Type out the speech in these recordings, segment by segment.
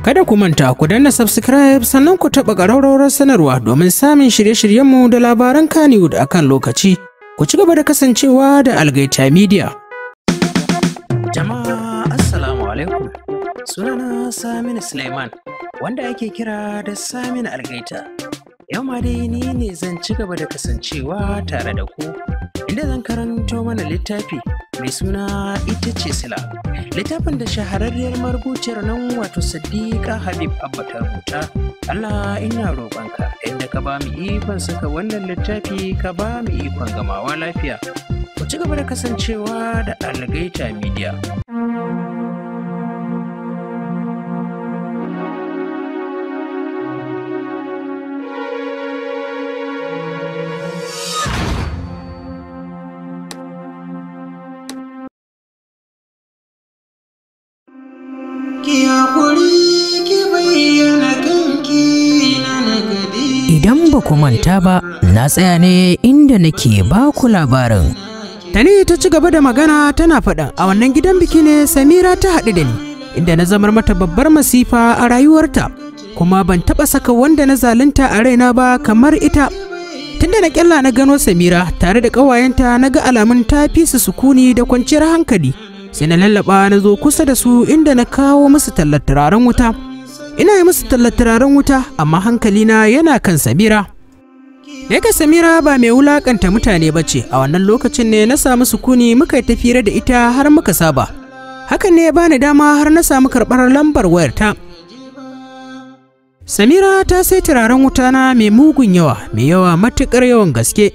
Kada ku manta ku danna subscribe sannan ku taɓa ƙararrawar sanarwa domin samun shirye-shiryenmu da labaran Kannywood a kan lokaci. Ku ci gaba da kasancewa da Algaita Media. Jama'a Assalamu alaikum. Sunana Saminu Suleiman wanda ake kira da Saminu Algaita. Yau ma dai ni ne zan ci gaba da kasancewa tare da ku inda zan karanto mana littafi mai suna ita ce sila littafin da shahararriyar marubuciyar nan wato sadiqa habib abba rubuta allah ina roƙonka inda ka ba mu ikon saka wannan littafi ka ba mu ikon gamawa lafiya ku ci gaba da kasancewa da algaita media ba na tsaya ne inda nake ba ku labarin tani ta ci gaba da magana tana faɗa a wannan gidan biki ne samira ta haɗu da ni inda na zama mata babbar masifa a rayuwarta kuma ban taɓa saka wanda na zalunta a raina ba kamar ita tunda na ƙyalla na gano samira tare da ƙawayenta na ga alamun ta fi su sukuni da kwanciyar hankali sai na lallaba na zo kusa da su inda na kawo musu tallar wuta ina yi musu tallar wuta amma hankalina yana kan samira Yaka Samira ba mai wulakanta mutane ba ce, a wannan lokacin ne na samu sukuni muka yi tafira da ita har muka saba. Hakan ne ya bani dama har na samu karɓar lambar wayar Samira ta sai turaren na mai mugun yawa, mai yawa matuƙar yawan gaske.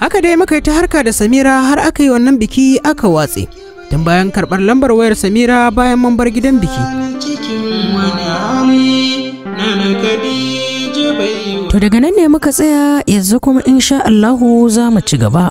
Haka dai muka yi ta harka da Samira har aka yi wannan biki aka watse. Tun bayan karɓar lambar wayar Samira bayan mun bar gidan biki. to daga nan ne muka tsaya yanzu kuma insha Allahu za mu ci gaba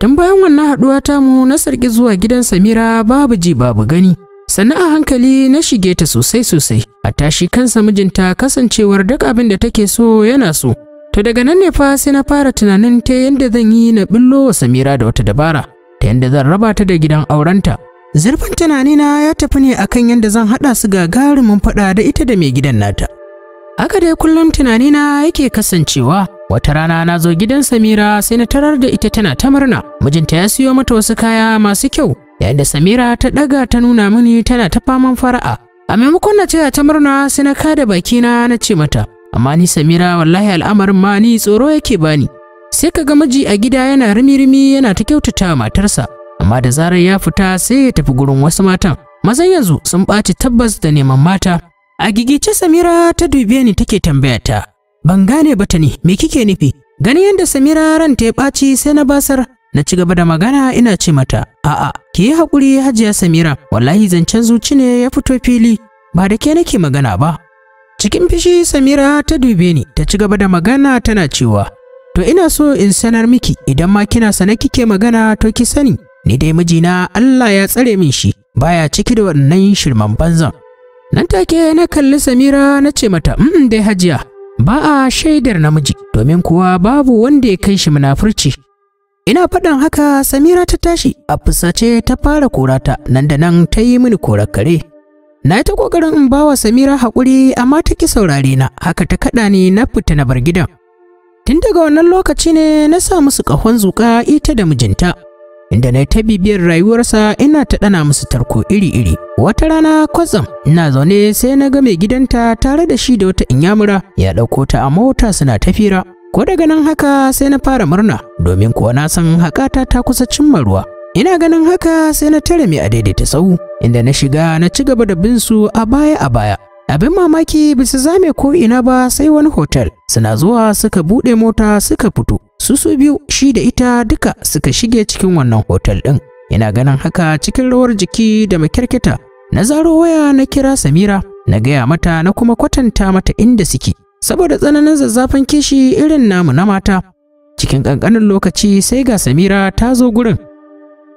Tun bayan wannan haɗuwa mu na sarki zuwa gidan Samira babu ji babu gani. Sannan a hankali na shige ta sosai sosai, a tashi kansa mijinta kasancewar duk abin da take so yana so. To daga nan ne fa sai na fara tunanin ta yadda zan yi na billo wa Samira da wata dabara, ta yadda zan raba ta da gidan aurenta. Zurfin tunanina ya tafi ne akan yadda zan haɗa su gagarumin faɗa da ita da mai gidan nata. Haka dai kullum tunanina yake kasancewa wata rana na zo gidan Samira sai na tarar da ita tana ta murna mijinta ya siyo mata wasu kaya masu kyau yayin da Samira ta ɗaga ta nuna mini tana ta faman fara'a. A maimakon na ce ta murna sai na kada bakina na ce mata amma ni Samira wallahi al'amarin ma ni tsoro yake bani. Sai ka ga miji a gida yana rimi-rimi yana ta kyautata matarsa amma da zarar ya fita sai ya tafi gurin wasu matan mazan yanzu sun ɓaci tabbas da neman mata a gigice samira ta dube ni take tambaya ta ban gane ba ta ne me kike nufi gani yadda samira ranta ya ɓaci sai na basar na ci gaba da magana ina ce mata a'a ki yi haƙuri hajiya samira wallahi zancen zuci ne ya fito fili ba da ke nake magana ba cikin fishi samira ta dube ni ta ci gaba da magana tana cewa to ina so in sanar miki idan ma kina sane kike magana to ki sani ni dai mijina Allah ya tsare min shi baya ciki da wannan shirman banzan nan take na kalli Samira na ce mata mm dai hajiya ba a shaidar namiji domin kuwa babu wanda ya kai shi munafurci ina faɗin haka Samira ta tashi a fusace ta fara korata nan da nan ta yi mini korar kare na yi ta kokarin in bawa Samira haƙuri amma ta ki saurare na haka ta kaɗa ni na fita na bar gidan tun daga wannan lokaci ne na sa musu ƙahon zuƙa ita da mijinta inda na ta bibiyar rayuwarsa ina ta ɗana musu tarko iri-iri. Wata rana kwatsam ina zaune sai na ga mai gidanta tare da shi da wata inyamura ya ɗauko ta a mota suna tafira. Ko daga nan haka sai na fara murna domin kuwa na san haƙata ta kusa cimma ruwa. Ina ganin haka sai na tare mai a daidaita sau inda na shiga na ci gaba da bin su a baya a baya abin mamaki ba su zame ko ina ba sai wani hotel suna zuwa suka bude mota suka fito su su biyu shi da ita duka suka shige cikin wannan hotel din. Ina ganin haka cikin rawar jiki da makirkita na zaro waya na kira samira na gaya mata na kuma kwatanta mata inda suke saboda tsananin zazzafan kishi irin namu na mata cikin ƙanƙanin lokaci sai ga samira ta zo gurin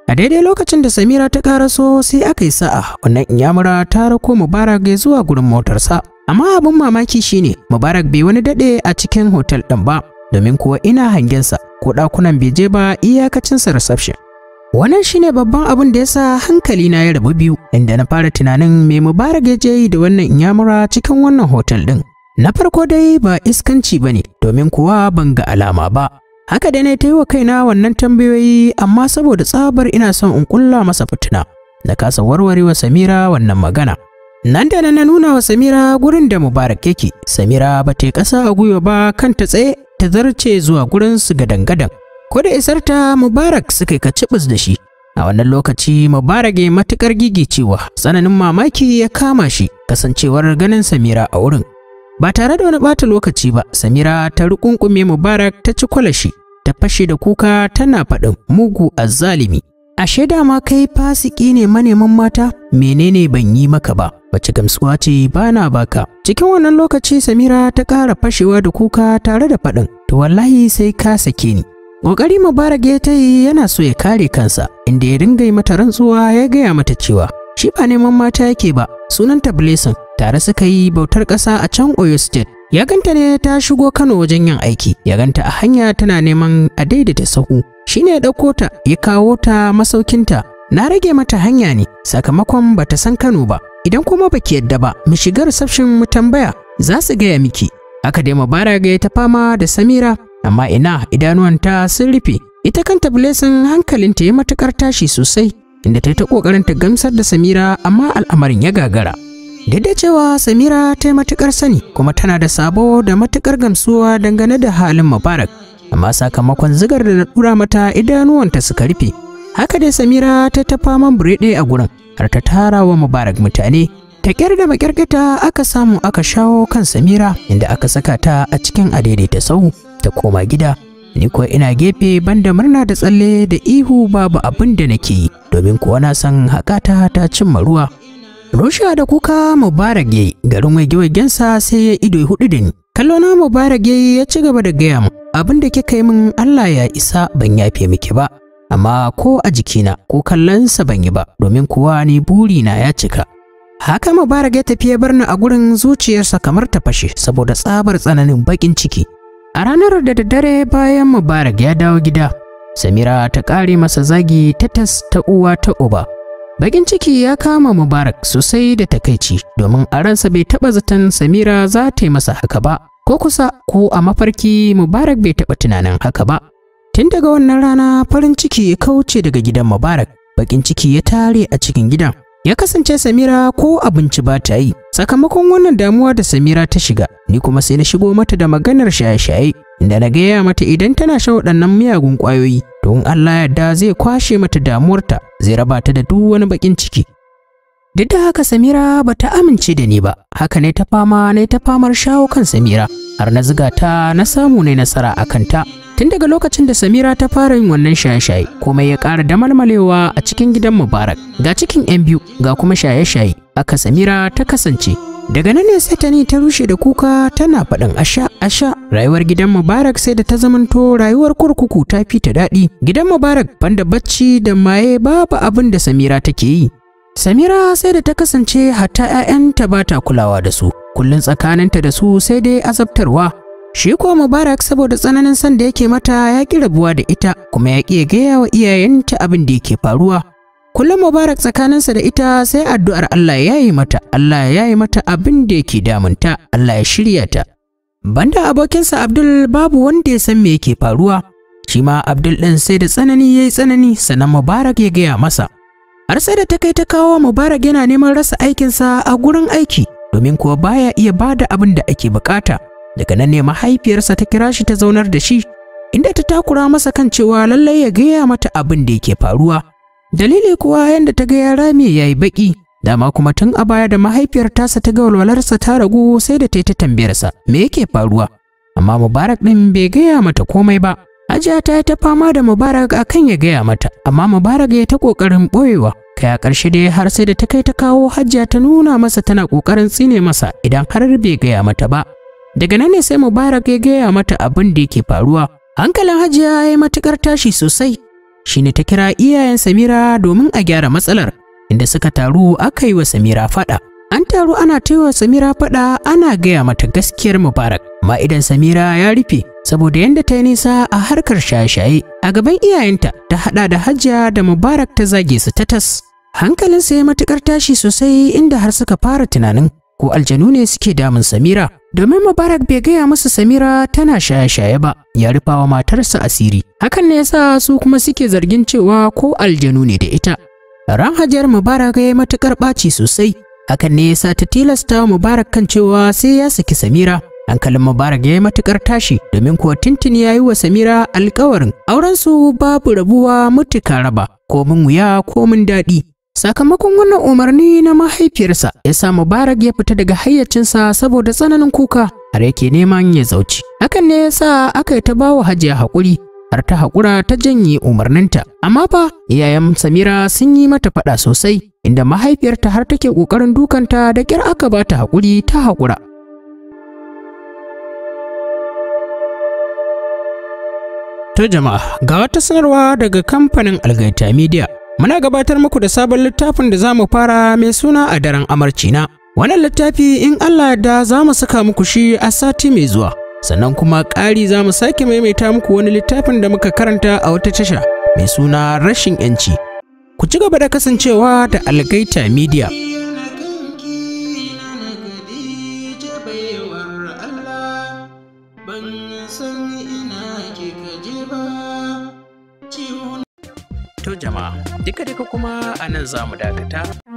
A daidai lokacin da Samira ta karaso sai aka yi sa'a wannan inyamura ta rako Mubarak ya zuwa gurin motarsa. Amma abin mamaki shine Mubarak bai wani dade a cikin hotel ɗin ba domin kuwa ina hangensa ko ɗakunan bai je ba iyakacinsa reception. Wannan shine babban abin da ya sa hankali na ya rabu biyu inda na fara tunanin me Mubarak ya je yi da wannan inyamura cikin wannan hotel ɗin. Na farko dai ba iskanci ba ne domin kuwa ban ga alama ba, Haka dai na ta yi wa kaina wannan tambayoyi amma saboda tsabar ina son in kulla masa fitina na kasa warwarewa Samira wannan magana. Nan da nan na nuna wa Samira gurin da Mubarak yake. Samira ba ta kasa a gwiwa ba kanta tsaye ta zarce zuwa gurin su gadan-gadan. Ko da isar ta Mubarak suka kacibis da shi. A wannan lokaci Mubarak ya matukar gigicewa tsananin mamaki ya kama shi kasancewar ganin Samira a wurin. Ba tare da wani bata lokaci ba, Samira ta rukunkume Mubarak ta ci kwalashi, ta fashe da kuka tana faɗin mugu azzalimi. Ashe dama kai fasiki ne maneman mata? Menene ban yi maka ba? bace gamsuwa ce bana baka. Cikin wannan lokaci Samira ta ƙara fashewa da kuka tare da faɗin, to wallahi sai ka sake ni. Ƙoƙari Mubarak ya ta yi yana so ya kare kansa, inda ya dinga yi mata rantsuwa ya gaya mata cewa shi ba neman mata yake ba, sunanta Blessing tare suka yi bautar ƙasa a can Oyo State. Ya ganta ne ta shigo Kano wajen yin aiki, ya ganta a hanya tana neman a daidaita sahu. Shi ne ya ɗauko ta, ya kawo ta masaukinta. Na rage mata hanya ne, sakamakon ba ta san Kano ba. Idan kuma baki yadda ba, mu shiga reception mu tambaya, za su gaya miki. Aka dai bara ga ta fama da Samira, amma ina idanuwanta sun rufe. Ita kanta Blessing hankalinta ya matuƙar tashi sosai, inda ta yi ta ƙoƙarin ta gamsar da Samira amma al'amarin ya gagara. Duk da cewa Samira ta yi matuƙar sani kuma tana da sabo da matuƙar gamsuwa dangane da halin Mubarak, amma sakamakon zigar da na ɗura mata idanuwanta suka rufe. Haka dai Samira ta tafa man burɗe a gurin har ta tara wa Mubarak mutane. Ta da maƙyarƙyata aka samu aka shawo kan Samira inda aka saka ta a cikin ta sau ta koma gida. Ni kuwa ina gefe banda murna da tsalle da ihu babu abin da nake yi domin kuwa na san haƙata ta cimma ruwa. Rusha da kuka Mubarak yayi garin wage-wagensa sai ya ido hudu da ni. Kallona Mubarak yayi ya ci gaba da gaya mu abin da kika yi min Allah ya isa ban yafe miki ba. Amma ko a jikina ko kallonsa ban yi ba domin kuwa ni burina ya cika. Haka Mubarak ya tafi ya bar ni a gurin zuciyarsa kamar ta fashe saboda tsabar tsananin bakin ciki. A ranar da daddare bayan Mubarak ya dawo gida, Samira ta ƙare masa zagi ta ta uwa ta uba Bakin ciki ya kama Mubarak sosai da takaici domin a ransa bai taɓa zaton Samira za ta yi masa haka ba, ko kusa ko a mafarki Mubarak bai taɓa tunanin haka ba. Tun daga wannan rana farin ciki ya kauce daga gidan Mubarak, bakin ciki ya tare a cikin gidan. Ya kasance Samira ko abinci ba ta yi, sakamakon wannan damuwa da Samira ta shiga, ni kuma sai na shigo mata da maganar shaye-shaye, inda na gaya mata idan tana shan waɗannan miyagun ƙwayoyi don Allah yarda zai kwashe mata damuwarta zai raba ta da duk wani bakin ciki duk da haka Samira bata amince da ni ba haka ne ta fama ne ta famar shawo kan Samira har na ziga ta na samu ne nasara a kanta tun daga lokacin da Samira ta fara yin wannan shaye-shaye komai ya ƙara da malmalewa a cikin gidan Mubarak ga cikin 'yan biyu ga kuma shaye-shaye haka Samira ta kasance daga nan ne sai tani ta rushe da kuka tana faɗin asha asha rayuwar gidan mubarak sai da ta zamanto rayuwar kurkuku ta fi ta daɗi gidan mubarak banda bacci da maye babu abin da samira take yi samira sai da ta kasance hatta 'ya'yanta ba ta kulawa da su kullum tsakaninta da su sai dai azabtarwa Shi kuwa Mubarak saboda tsananin son da yake mata ya ƙi rabuwa da ita kuma ya ƙi gaya wa iyayenta abin da yake faruwa. kullum mubarak tsakaninsa da ita sai addu'ar Allah ya yi mata Allah ya yi mata abin da yake damunta Allah ya shirya ta banda abokinsa Abdul babu wanda ya san me yake faruwa shi ma Abdul ɗin sai da tsanani ya yi tsanani sannan Mubarak ya gaya masa har sai da ta kai ta kawo Mubarak yana neman rasa aikinsa a gurin aiki domin kuwa baya iya ba da abin da ake bukata daga nan ne mahaifiyarsa ta kira shi ta zaunar da shi inda ta takura masa kan cewa lallai ya gaya mata abin da yake faruwa Dalili kuwa yanda ta ga ya yi yayi baki, dama kuma tun a baya da mahaifiyar tasa ta ga walwalarsa ta ragu sai da ta yi ta tambayarsa me yake faruwa. Amma Mubarak ɗin bai gaya mata komai ba. Hajiya ta yi ta fama da Mubarak akan ya gaya mata, amma Mubarak ya ta kokarin ɓoyewa. Kai a ƙarshe dai har sai da ta kai ta kawo Hajiya ta nuna masa tana kokarin tsine masa idan har bai gaya mata ba. Daga nan ne sai Mubarak ya gaya mata abin da yake faruwa. Hankalin Hajiya ya yi matuƙar tashi sosai, shine ta kira iyayen Samira domin a gyara matsalar inda suka taru aka yi wa Samira fada. An taru ana taiwa Samira fada ana gaya mata gaskiyar Mubarak. Ma idan Samira ya rufe saboda yanda ta yi nisa a harkar shaye-shaye a gaban iyayenta ta hada da hajja da Mubarak ta zage su ta tas. Hankalinsa ya matukar tashi sosai inda har suka fara tunanin ko aljanu ne suke damun Samira. domin Mubarak bai gaya musu Samira tana shaye-shaye ba, ya wa matarsa asiri. Hakan ne yasa su kuma suke zargin cewa ko aljanu ne da ita. Ran Hajiyar Mubarak ya yi matuƙar ɓaci sosai, hakan ne yasa ta tilasta Mubarak kan cewa sai ya saki Samira. Hankalin Mubarak ya yi matuƙar tashi domin kuwa Tintin ya yi wa Samira alƙawarin su babu rabuwa mutuka raba, komin wuya komin daɗi. Sakamakon wannan umarni na mahaifiyarsa ya sa Mubarak ya fita daga hayyacinsa saboda tsananin kuka har yake neman ya zauci. Hakan ne ya sa aka yi ta bawa Hajiya haƙuri har ta haƙura ta janye umarninta. Amma fa iyayen Samira sun yi mata faɗa sosai inda mahaifiyarta har take ƙoƙarin dukanta da ƙyar aka ba ta haƙuri ta haƙura. To jama'a ga wata sanarwa daga kamfanin Algaita Media. muna gabatar muku da sabon littafin da za mu fara mai suna a daren amarcina wannan littafi in allah da za mu saka muku shi a sati mai zuwa sannan kuma ƙari za mu sake maimaita muku wani littafin da muka karanta a wata tasha mai suna rashin yanci ku ci gaba da kasancewa da algaita media To jama'a, dika-dika kuma a nan za mu dakata.